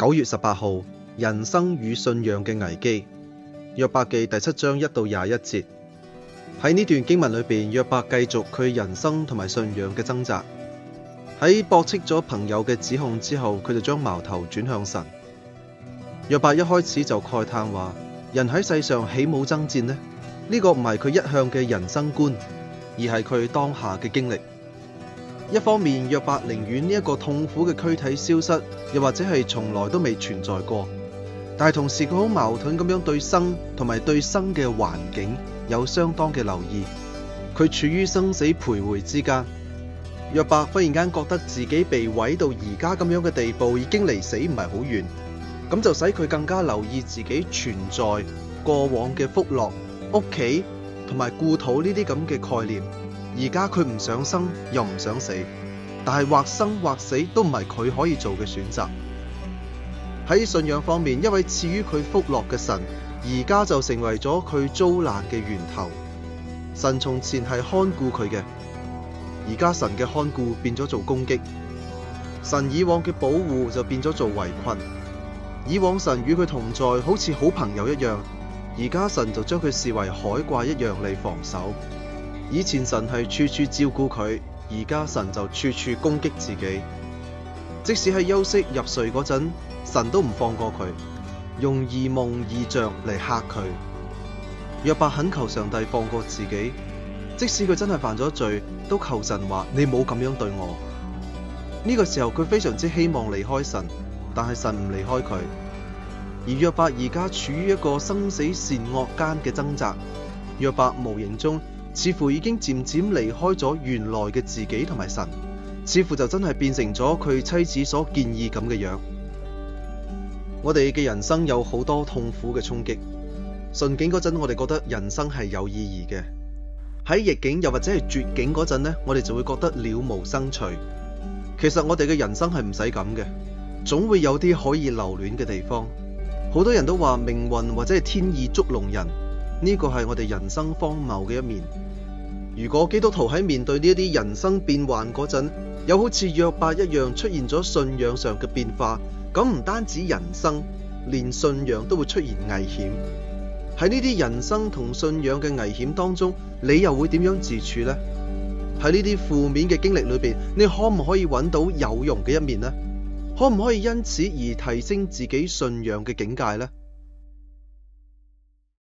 九月十八號，人生與信仰嘅危機，約伯記第七章一到廿一節。喺呢段經文裏面，約伯繼續佢人生同埋信仰嘅掙扎。喺駁斥咗朋友嘅指控之後，佢就將矛頭轉向神。約伯一開始就慨嘆話：人喺世上豈無爭戰呢？呢、這個唔係佢一向嘅人生觀，而係佢當下嘅經歷。一方面，約伯寧願呢一個痛苦嘅軀體消失，又或者係從來都未存在過，但係同時佢好矛盾咁樣對生同埋對生嘅環境有相當嘅留意。佢處於生死徘徊之間。約伯忽然間覺得自己被毀到而家咁樣嘅地步，已經離死唔係好遠，咁就使佢更加留意自己存在過往嘅福樂、屋企同埋故土呢啲咁嘅概念。而家佢唔想生又唔想死，但係或生或死都唔係佢可以做嘅選擇。喺信仰方面，一位賜予佢福樂嘅神，而家就成為咗佢遭難嘅源頭。神從前係看顧佢嘅，而家神嘅看顧變咗做攻擊。神以往嘅保護就變咗做圍困。以往神與佢同在，好似好朋友一樣，而家神就將佢視為海怪一樣嚟防守。以前神係處處照顧佢，而家神就處處攻擊自己。即使喺休息入睡嗰陣，神都唔放過佢，用異夢異象嚟嚇佢。約伯懇求上帝放過自己，即使佢真係犯咗罪，都求神話你冇咁樣對我。呢個時候佢非常之希望離開神，但係神唔離開佢。而約伯而家處於一個生死善惡間嘅掙扎。約伯無形中。似乎已經漸漸離開咗原來嘅自己同埋神，似乎就真係變成咗佢妻子所建議咁嘅樣。我哋嘅人生有好多痛苦嘅衝擊，順境嗰陣我哋覺得人生係有意義嘅；喺逆境又或者係絕境嗰陣呢，我哋就會覺得了無生趣。其實我哋嘅人生係唔使咁嘅，總會有啲可以留戀嘅地方。好多人都話命運或者係天意捉弄人。呢個係我哋人生荒謬嘅一面。如果基督徒喺面對呢一啲人生變幻嗰陣，又好似約伯一樣出現咗信仰上嘅變化，咁唔單止人生，連信仰都會出現危險。喺呢啲人生同信仰嘅危險當中，你又會點樣自處呢？喺呢啲負面嘅經歷裏邊，你可唔可以揾到有用嘅一面呢？可唔可以因此而提升自己信仰嘅境界呢？